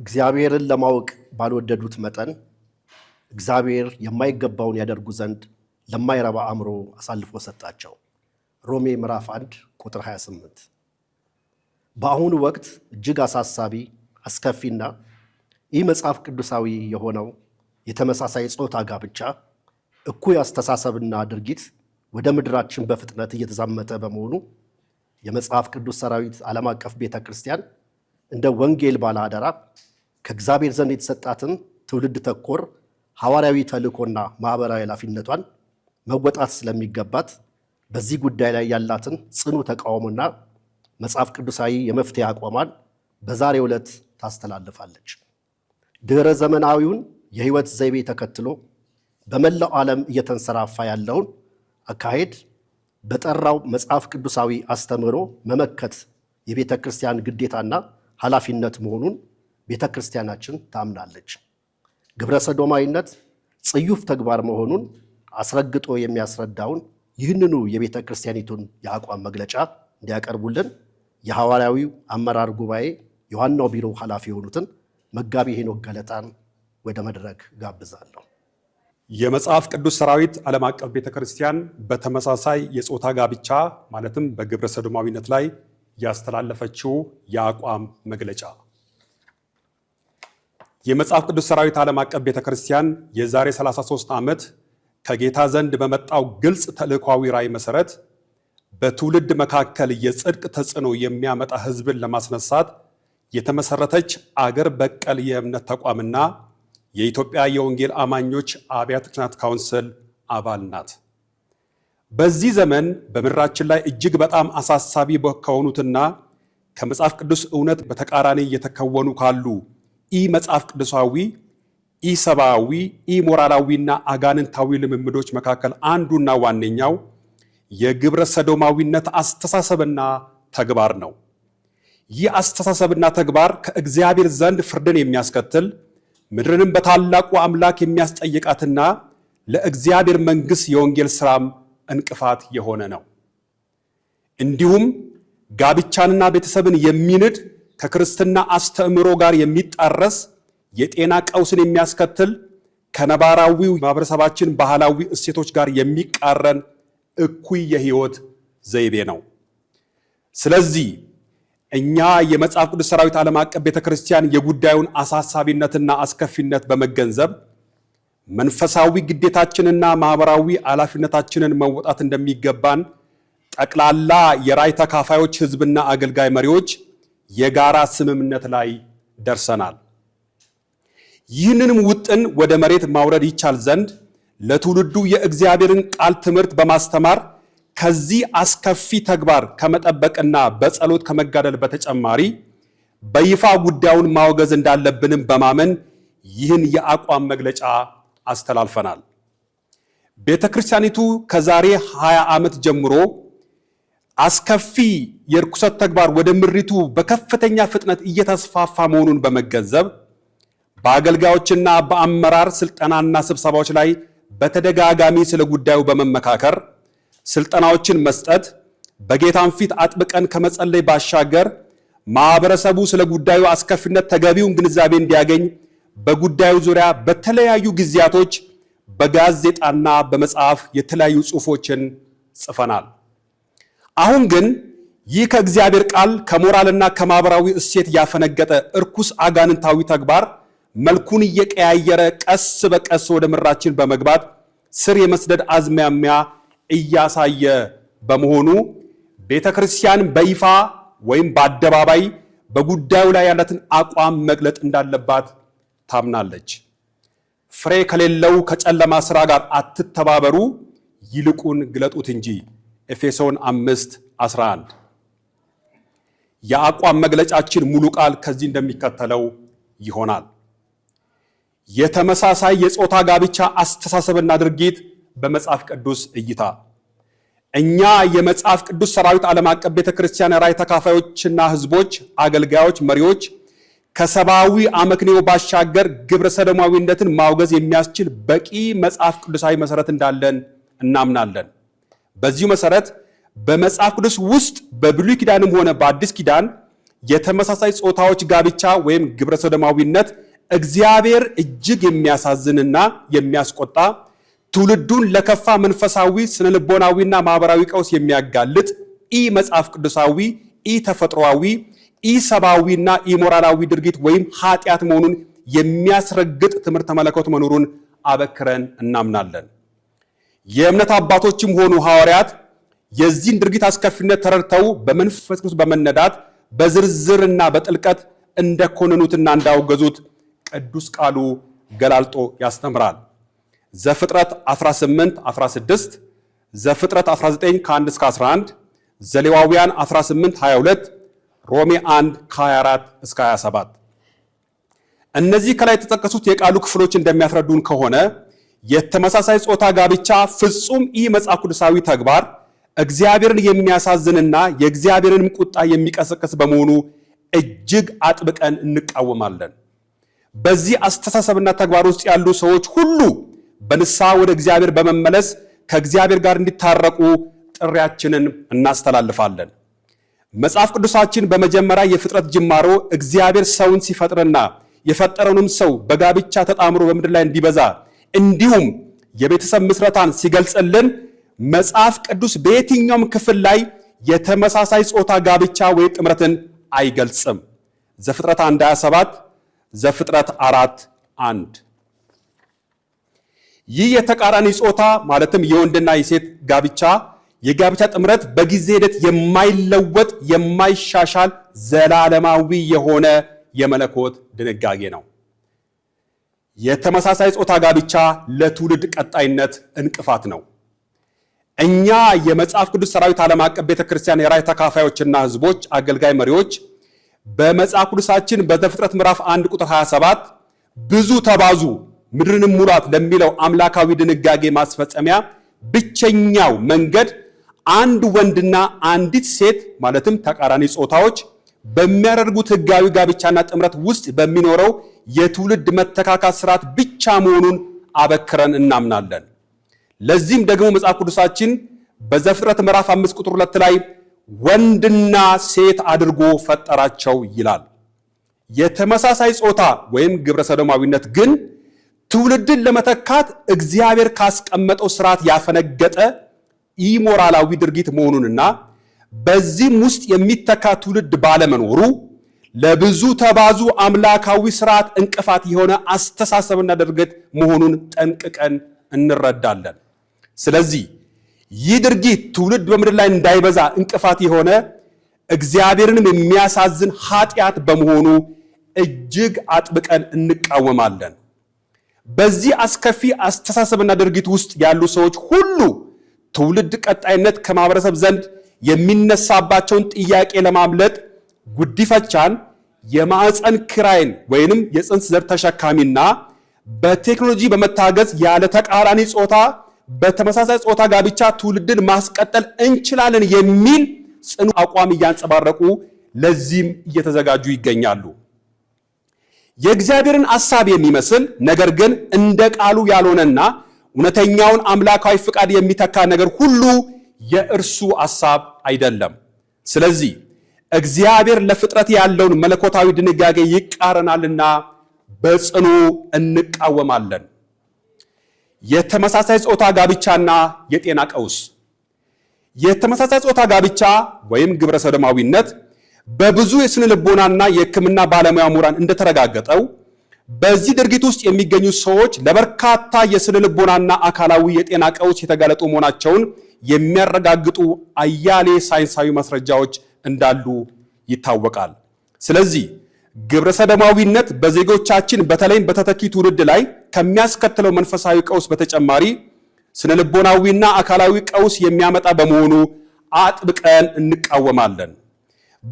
እግዚአብሔርን ለማወቅ ባልወደዱት መጠን እግዚአብሔር የማይገባውን ያደርጉ ዘንድ ለማይረባ አእምሮ አሳልፎ ሰጣቸው። ሮሜ ምዕራፍ 1 ቁጥር 28። በአሁኑ ወቅት እጅግ አሳሳቢ አስከፊና ይህ መጽሐፍ ቅዱሳዊ የሆነው የተመሳሳይ ጾታ ጋብቻ እኩይ አስተሳሰብና ድርጊት ወደ ምድራችን በፍጥነት እየተዛመተ በመሆኑ የመጽሐፍ ቅዱስ ሰራዊት ዓለም አቀፍ ቤተ ክርስቲያን እንደ ወንጌል ባለ አደራ ከእግዚአብሔር ዘንድ የተሰጣትን ትውልድ ተኮር ሐዋርያዊ ተልእኮና ማኅበራዊ ኃላፊነቷን መወጣት ስለሚገባት በዚህ ጉዳይ ላይ ያላትን ጽኑ ተቃውሞና መጽሐፍ ቅዱሳዊ የመፍትሄ አቋሟን በዛሬ ዕለት ታስተላልፋለች። ድኅረ ዘመናዊውን የሕይወት ዘይቤ ተከትሎ በመላው ዓለም እየተንሰራፋ ያለውን አካሄድ በጠራው መጽሐፍ ቅዱሳዊ አስተምህሮ መመከት የቤተ ክርስቲያን ግዴታና ኃላፊነት መሆኑን ቤተ ክርስቲያናችን ታምናለች። ግብረ ሰዶማዊነት ጽዩፍ ተግባር መሆኑን አስረግጦ የሚያስረዳውን ይህንኑ የቤተ ክርስቲያኒቱን የአቋም መግለጫ እንዲያቀርቡልን የሐዋርያዊው አመራር ጉባኤ የዋናው ቢሮ ኃላፊ የሆኑትን መጋቢ ሄኖክ ገለጣን ወደ መድረክ ጋብዛለሁ። የመጽሐፍ ቅዱስ ሰራዊት ዓለም አቀፍ ቤተ ክርስቲያን በተመሳሳይ የጾታ ጋብቻ ማለትም በግብረ ሰዶማዊነት ላይ ያስተላለፈችው የአቋም መግለጫ የመጽሐፍ ቅዱስ ሠራዊት ዓለም አቀፍ ቤተ ክርስቲያን የዛሬ 33 ዓመት ከጌታ ዘንድ በመጣው ግልጽ ተልእኳዊ ራእይ መሠረት በትውልድ መካከል የጽድቅ ተጽዕኖ የሚያመጣ ሕዝብን ለማስነሳት የተመሰረተች አገር በቀል የእምነት ተቋምና የኢትዮጵያ የወንጌል አማኞች አብያተ ክርስቲያናት ካውንስል አባል ናት። በዚህ ዘመን በምድራችን ላይ እጅግ በጣም አሳሳቢ ከሆኑትና ከመጽሐፍ ቅዱስ እውነት በተቃራኒ እየተከወኑ ካሉ ኢ መጽሐፍ ቅዱሳዊ ኢ ሰብአዊ ኢ አጋንንታዊ ልምምዶች መካከል አንዱና ዋነኛው የግብረ ሰዶማዊነት አስተሳሰብና ተግባር ነው። ይህ አስተሳሰብና ተግባር ከእግዚአብሔር ዘንድ ፍርድን የሚያስከትል ምድርንም በታላቁ አምላክ የሚያስጠይቃትና ለእግዚአብሔር መንግሥት የወንጌል ሥራም እንቅፋት የሆነ ነው። እንዲሁም ጋብቻንና ቤተሰብን የሚንድ ከክርስትና አስተምህሮ ጋር የሚጣረስ የጤና ቀውስን የሚያስከትል ከነባራዊ ማህበረሰባችን ባህላዊ እሴቶች ጋር የሚቃረን እኩይ የህይወት ዘይቤ ነው። ስለዚህ እኛ የመጽሐፍ ቅዱስ ሰራዊት ዓለም አቀፍ ቤተ ክርስቲያን የጉዳዩን አሳሳቢነትና አስከፊነት በመገንዘብ መንፈሳዊ ግዴታችንና ማህበራዊ ኃላፊነታችንን መወጣት እንደሚገባን ጠቅላላ የራይ ተካፋዮች ህዝብና አገልጋይ መሪዎች የጋራ ስምምነት ላይ ደርሰናል። ይህንንም ውጥን ወደ መሬት ማውረድ ይቻል ዘንድ ለትውልዱ የእግዚአብሔርን ቃል ትምህርት በማስተማር ከዚህ አስከፊ ተግባር ከመጠበቅና በጸሎት ከመጋደል በተጨማሪ በይፋ ጉዳዩን ማውገዝ እንዳለብንም በማመን ይህን የአቋም መግለጫ አስተላልፈናል። ቤተ ክርስቲያኒቱ ከዛሬ 20 ዓመት ጀምሮ አስከፊ የርኩሰት ተግባር ወደ ምሪቱ በከፍተኛ ፍጥነት እየተስፋፋ መሆኑን በመገንዘብ በአገልጋዮችና በአመራር ስልጠናና ስብሰባዎች ላይ በተደጋጋሚ ስለ ጉዳዩ በመመካከር ስልጠናዎችን መስጠት፣ በጌታን ፊት አጥብቀን ከመጸለይ ባሻገር ማህበረሰቡ ስለ ጉዳዩ አስከፊነት ተገቢውን ግንዛቤ እንዲያገኝ በጉዳዩ ዙሪያ በተለያዩ ጊዜያቶች በጋዜጣና በመጽሐፍ የተለያዩ ጽሑፎችን ጽፈናል። አሁን ግን ይህ ከእግዚአብሔር ቃል ከሞራልና ከማህበራዊ እሴት ያፈነገጠ እርኩስ አጋንንታዊ ተግባር መልኩን እየቀያየረ ቀስ በቀስ ወደ ምድራችን በመግባት ስር የመስደድ አዝማሚያ እያሳየ በመሆኑ ቤተ ክርስቲያን በይፋ ወይም በአደባባይ በጉዳዩ ላይ ያላትን አቋም መግለጥ እንዳለባት ታምናለች። ፍሬ ከሌለው ከጨለማ ስራ ጋር አትተባበሩ፣ ይልቁን ግለጡት እንጂ ኤፌሶን 5 11 የአቋም መግለጫችን ሙሉ ቃል ከዚህ እንደሚከተለው ይሆናል። የተመሳሳይ የጾታ ጋብቻ አስተሳሰብና ድርጊት በመጽሐፍ ቅዱስ እይታ እኛ የመጽሐፍ ቅዱስ ሰራዊት ዓለም አቀፍ ቤተ ክርስቲያን ራእይ ተካፋዮችና ህዝቦች አገልጋዮች፣ መሪዎች ከሰብአዊ አመክንዮ ባሻገር ግብረ ሰደማዊነትን ማውገዝ የሚያስችል በቂ መጽሐፍ ቅዱሳዊ መሰረት እንዳለን እናምናለን። በዚሁ መሰረት በመጽሐፍ ቅዱስ ውስጥ በብሉይ ኪዳንም ሆነ በአዲስ ኪዳን የተመሳሳይ ጾታዎች ጋብቻ ወይም ግብረ ሰዶማዊነት እግዚአብሔር እጅግ የሚያሳዝንና የሚያስቆጣ ትውልዱን ለከፋ መንፈሳዊ ስነልቦናዊና ማህበራዊ ቀውስ የሚያጋልጥ ኢ መጽሐፍ ቅዱሳዊ ኢ ተፈጥሯዊ ኢ ሰብአዊና ኢ ሞራላዊ ድርጊት ወይም ኃጢአት መሆኑን የሚያስረግጥ ትምህርተ መለኮት መኖሩን አበክረን እናምናለን። የእምነት አባቶችም ሆኑ ሐዋርያት የዚህን ድርጊት አስከፊነት ተረድተው በመንፈስ ቅዱስ በመነዳት በዝርዝርና በጥልቀት እንደኮነኑትና እንዳወገዙት ቅዱስ ቃሉ ገላልጦ ያስተምራል። ዘፍጥረት 18 16፣ ዘፍጥረት 19 ከ1 እስከ 11፣ ዘሌዋውያን 18 22፣ ሮሜ 1 ከ24 እስከ 27። እነዚህ ከላይ የተጠቀሱት የቃሉ ክፍሎች እንደሚያስረዱን ከሆነ የተመሳሳይ ጾታ ጋብቻ ፍጹም ኢ መጽሐፍ ቅዱሳዊ ተግባር እግዚአብሔርን የሚያሳዝንና የእግዚአብሔርን ቁጣ የሚቀሰቅስ በመሆኑ እጅግ አጥብቀን እንቃወማለን። በዚህ አስተሳሰብና ተግባር ውስጥ ያሉ ሰዎች ሁሉ በንስሐ ወደ እግዚአብሔር በመመለስ ከእግዚአብሔር ጋር እንዲታረቁ ጥሪያችንን እናስተላልፋለን። መጽሐፍ ቅዱሳችን በመጀመሪያ የፍጥረት ጅማሮ እግዚአብሔር ሰውን ሲፈጥርና የፈጠረውንም ሰው በጋብቻ ተጣምሮ በምድር ላይ እንዲበዛ እንዲሁም የቤተሰብ ምስረታን ሲገልጽልን መጽሐፍ ቅዱስ በየትኛውም ክፍል ላይ የተመሳሳይ ጾታ ጋብቻ ወይ ጥምረትን አይገልጽም። ዘፍጥረት 1 27 ዘፍጥረት 4 1 ይህ የተቃራኒ ጾታ ማለትም የወንድና የሴት ጋብቻ የጋብቻ ጥምረት በጊዜ ሂደት የማይለወጥ የማይሻሻል ዘላለማዊ የሆነ የመለኮት ድንጋጌ ነው። የተመሳሳይ ጾታ ጋብቻ ለትውልድ ቀጣይነት እንቅፋት ነው። እኛ የመጽሐፍ ቅዱስ ሠራዊት ዓለም አቀፍ ቤተ ክርስቲያን የራእይ ተካፋዮችና ህዝቦች አገልጋይ መሪዎች በመጽሐፍ ቅዱሳችን በዘፍጥረት ምዕራፍ 1 ቁጥር 27 ብዙ ተባዙ ምድርንም ሙላት ለሚለው አምላካዊ ድንጋጌ ማስፈጸሚያ ብቸኛው መንገድ አንድ ወንድና አንዲት ሴት ማለትም ተቃራኒ ጾታዎች በሚያደርጉት ህጋዊ ጋብቻና ጥምረት ውስጥ በሚኖረው የትውልድ መተካካት ስርዓት ብቻ መሆኑን አበክረን እናምናለን። ለዚህም ደግሞ መጽሐፍ ቅዱሳችን በዘፍጥረት ምዕራፍ አምስት ቁጥር ሁለት ላይ ወንድና ሴት አድርጎ ፈጠራቸው ይላል። የተመሳሳይ ጾታ ወይም ግብረ ሰዶማዊነት ግን ትውልድን ለመተካት እግዚአብሔር ካስቀመጠው ስርዓት ያፈነገጠ ኢሞራላዊ ድርጊት መሆኑንና በዚህም ውስጥ የሚተካ ትውልድ ባለመኖሩ ለብዙ ተባዙ አምላካዊ ስርዓት እንቅፋት የሆነ አስተሳሰብና ድርጊት መሆኑን ጠንቅቀን እንረዳለን። ስለዚህ ይህ ድርጊት ትውልድ በምድር ላይ እንዳይበዛ እንቅፋት የሆነ እግዚአብሔርንም የሚያሳዝን ኃጢአት በመሆኑ እጅግ አጥብቀን እንቃወማለን። በዚህ አስከፊ አስተሳሰብና ድርጊት ውስጥ ያሉ ሰዎች ሁሉ ትውልድ ቀጣይነት ከማህበረሰብ ዘንድ የሚነሳባቸውን ጥያቄ ለማምለጥ ጉዲፈቻን የማዕፀን ክራይን ወይንም የፅንስ ዘር ተሸካሚና በቴክኖሎጂ በመታገዝ ያለ ተቃራኒ ጾታ በተመሳሳይ ጾታ ጋብቻ ትውልድን ማስቀጠል እንችላለን የሚል ጽኑ አቋም እያንጸባረቁ ለዚህም እየተዘጋጁ ይገኛሉ። የእግዚአብሔርን አሳብ የሚመስል ነገር ግን እንደ ቃሉ ያልሆነና እውነተኛውን አምላካዊ ፍቃድ የሚተካ ነገር ሁሉ የእርሱ አሳብ አይደለም። ስለዚህ እግዚአብሔር ለፍጥረት ያለውን መለኮታዊ ድንጋጌ ይቃረናልና በጽኑ እንቃወማለን። የተመሳሳይ ጾታ ጋብቻና የጤና ቀውስ። የተመሳሳይ ጾታ ጋብቻ ወይም ግብረ ሰዶማዊነት በብዙ የስነ ልቦናና የሕክምና ባለሙያ ምሁራን እንደተረጋገጠው በዚህ ድርጊት ውስጥ የሚገኙ ሰዎች ለበርካታ የስነ ልቦናና አካላዊ የጤና ቀውስ የተጋለጡ መሆናቸውን የሚያረጋግጡ አያሌ ሳይንሳዊ ማስረጃዎች እንዳሉ ይታወቃል። ስለዚህ ግብረ ሰደማዊነት በዜጎቻችን በተለይም በተተኪ ትውልድ ላይ ከሚያስከትለው መንፈሳዊ ቀውስ በተጨማሪ ስነ ልቦናዊና አካላዊ ቀውስ የሚያመጣ በመሆኑ አጥብቀን እንቃወማለን።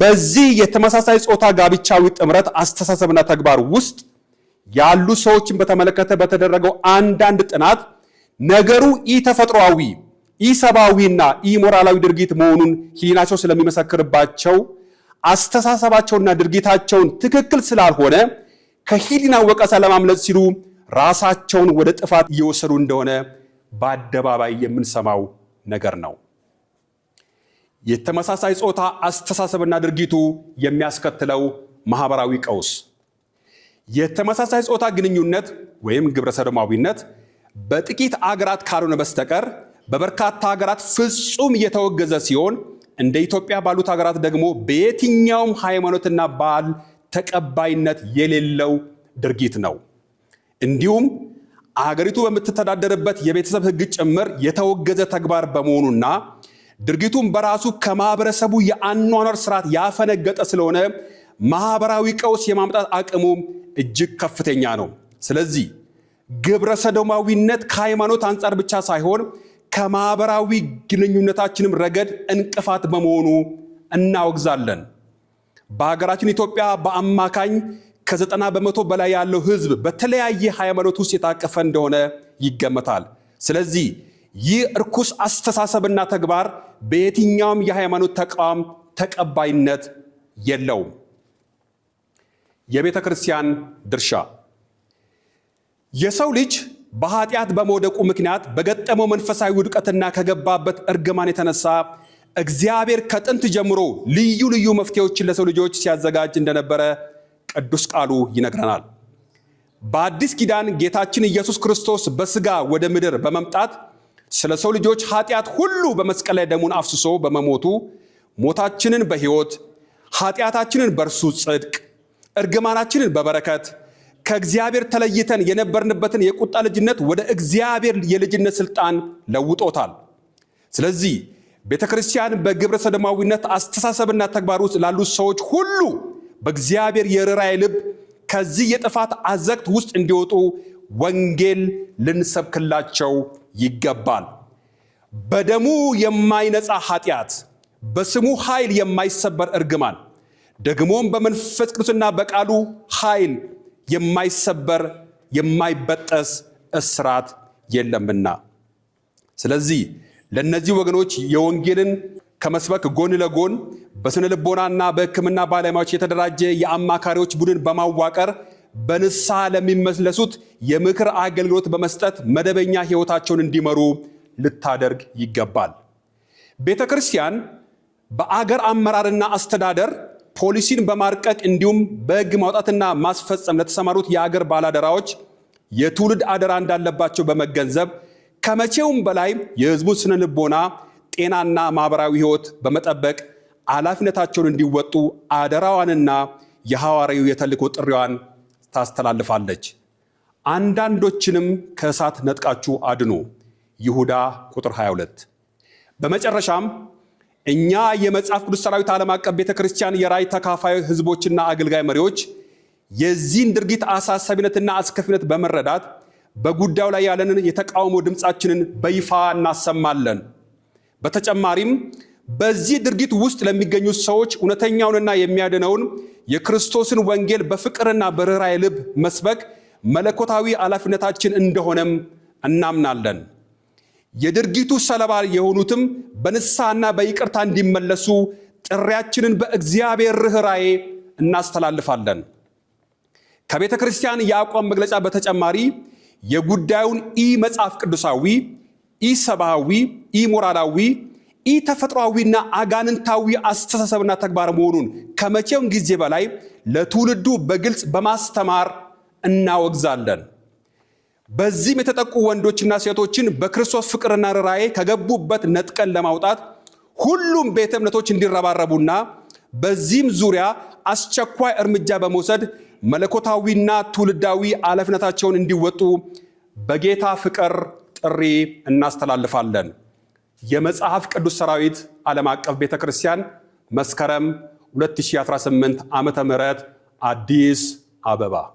በዚህ የተመሳሳይ ጾታ ጋብቻዊ ጥምረት አስተሳሰብና ተግባር ውስጥ ያሉ ሰዎችን በተመለከተ በተደረገው አንዳንድ ጥናት ነገሩ ኢተፈጥሯዊ ኢሰብአዊና ኢሞራላዊ ድርጊት መሆኑን ሕሊናቸው ስለሚመሰክርባቸው አስተሳሰባቸውና ድርጊታቸውን ትክክል ስላልሆነ ከሕሊና ወቀሳ ለማምለጥ ሲሉ ራሳቸውን ወደ ጥፋት እየወሰዱ እንደሆነ በአደባባይ የምንሰማው ነገር ነው። የተመሳሳይ ጾታ አስተሳሰብና ድርጊቱ የሚያስከትለው ማህበራዊ ቀውስ የተመሳሳይ ጾታ ግንኙነት ወይም ግብረ ሰዶማዊነት በጥቂት አገራት ካልሆነ በስተቀር በበርካታ ሀገራት ፍጹም እየተወገዘ ሲሆን እንደ ኢትዮጵያ ባሉት ሀገራት ደግሞ በየትኛውም ሃይማኖትና ባህል ተቀባይነት የሌለው ድርጊት ነው። እንዲሁም አገሪቱ በምትተዳደርበት የቤተሰብ ሕግ ጭምር የተወገዘ ተግባር በመሆኑና ድርጊቱም በራሱ ከማህበረሰቡ የአኗኗር ስርዓት ያፈነገጠ ስለሆነ ማህበራዊ ቀውስ የማምጣት አቅሙም እጅግ ከፍተኛ ነው። ስለዚህ ግብረ ሰዶማዊነት ከሃይማኖት አንጻር ብቻ ሳይሆን ከማኅበራዊ ግንኙነታችንም ረገድ እንቅፋት በመሆኑ እናወግዛለን። በሀገራችን ኢትዮጵያ በአማካኝ ከዘጠና በመቶ በላይ ያለው ህዝብ በተለያየ ሃይማኖት ውስጥ የታቀፈ እንደሆነ ይገመታል። ስለዚህ ይህ እርኩስ አስተሳሰብና ተግባር በየትኛውም የሃይማኖት ተቋም ተቀባይነት የለውም። የቤተ ክርስቲያን ድርሻ የሰው ልጅ በኃጢአት በመውደቁ ምክንያት በገጠመው መንፈሳዊ ውድቀትና ከገባበት እርግማን የተነሳ እግዚአብሔር ከጥንት ጀምሮ ልዩ ልዩ መፍትሄዎችን ለሰው ልጆች ሲያዘጋጅ እንደነበረ ቅዱስ ቃሉ ይነግረናል። በአዲስ ኪዳን ጌታችን ኢየሱስ ክርስቶስ በስጋ ወደ ምድር በመምጣት ስለ ሰው ልጆች ኃጢአት ሁሉ በመስቀል ላይ ደሙን አፍስሶ በመሞቱ ሞታችንን በሕይወት ኃጢአታችንን በእርሱ ጽድቅ፣ እርግማናችንን በበረከት ከእግዚአብሔር ተለይተን የነበርንበትን የቁጣ ልጅነት ወደ እግዚአብሔር የልጅነት ስልጣን ለውጦታል። ስለዚህ ቤተ ክርስቲያን በግብረ ሰደማዊነት አስተሳሰብና ተግባር ውስጥ ላሉት ሰዎች ሁሉ በእግዚአብሔር የርራይ ልብ ከዚህ የጥፋት አዘቅት ውስጥ እንዲወጡ ወንጌል ልንሰብክላቸው ይገባል። በደሙ የማይነጻ ኃጢአት፣ በስሙ ኃይል የማይሰበር እርግማን፣ ደግሞም በመንፈስ ቅዱስና በቃሉ ኃይል የማይሰበር የማይበጠስ እስራት የለምና። ስለዚህ ለእነዚህ ወገኖች የወንጌልን ከመስበክ ጎን ለጎን በስነ ልቦናና በሕክምና ባለሙያዎች የተደራጀ የአማካሪዎች ቡድን በማዋቀር በንስሐ ለሚመለሱት የምክር አገልግሎት በመስጠት መደበኛ ሕይወታቸውን እንዲመሩ ልታደርግ ይገባል። ቤተ ክርስቲያን በአገር አመራርና አስተዳደር ፖሊሲን በማርቀቅ እንዲሁም በህግ ማውጣትና ማስፈጸም ለተሰማሩት የአገር ባላደራዎች የትውልድ አደራ እንዳለባቸው በመገንዘብ ከመቼውም በላይ የህዝቡ ስነ ልቦና ጤናና ማህበራዊ ህይወት በመጠበቅ ኃላፊነታቸውን እንዲወጡ አደራዋንና የሐዋርያው የተልእኮ ጥሪዋን ታስተላልፋለች። አንዳንዶችንም ከእሳት ነጥቃችሁ አድኑ። ይሁዳ ቁጥር 22። በመጨረሻም እኛ የመጽሐፍ ቅዱስ ሰራዊት ዓለም አቀፍ ቤተ ክርስቲያን የራእይ ተካፋይ ህዝቦችና አገልጋይ መሪዎች የዚህን ድርጊት አሳሳቢነትና አስከፊነት በመረዳት በጉዳዩ ላይ ያለንን የተቃውሞ ድምፃችንን በይፋ እናሰማለን። በተጨማሪም በዚህ ድርጊት ውስጥ ለሚገኙ ሰዎች እውነተኛውንና የሚያድነውን የክርስቶስን ወንጌል በፍቅርና በርኅራኄ ልብ መስበክ መለኮታዊ ኃላፊነታችን እንደሆነም እናምናለን። የድርጊቱ ሰለባ የሆኑትም በንስሐና በይቅርታ እንዲመለሱ ጥሪያችንን በእግዚአብሔር ርኅራዬ እናስተላልፋለን። ከቤተ ክርስቲያን የአቋም መግለጫ በተጨማሪ የጉዳዩን ኢ መጽሐፍ ቅዱሳዊ፣ ኢ ሰብአዊ፣ ኢ ሞራላዊ፣ ኢ ተፈጥሯዊና አጋንንታዊ አስተሳሰብና ተግባር መሆኑን ከመቼውም ጊዜ በላይ ለትውልዱ በግልጽ በማስተማር እናወግዛለን። በዚህም የተጠቁ ወንዶችና ሴቶችን በክርስቶስ ፍቅርና ርራዬ ከገቡበት ነጥቀን ለማውጣት ሁሉም ቤተ እምነቶች እንዲረባረቡና በዚህም ዙሪያ አስቸኳይ እርምጃ በመውሰድ መለኮታዊና ትውልዳዊ አለፍነታቸውን እንዲወጡ በጌታ ፍቅር ጥሪ እናስተላልፋለን። የመጽሐፍ ቅዱስ ሰራዊት ዓለም አቀፍ ቤተ ክርስቲያን መስከረም 2018 ም አዲስ አበባ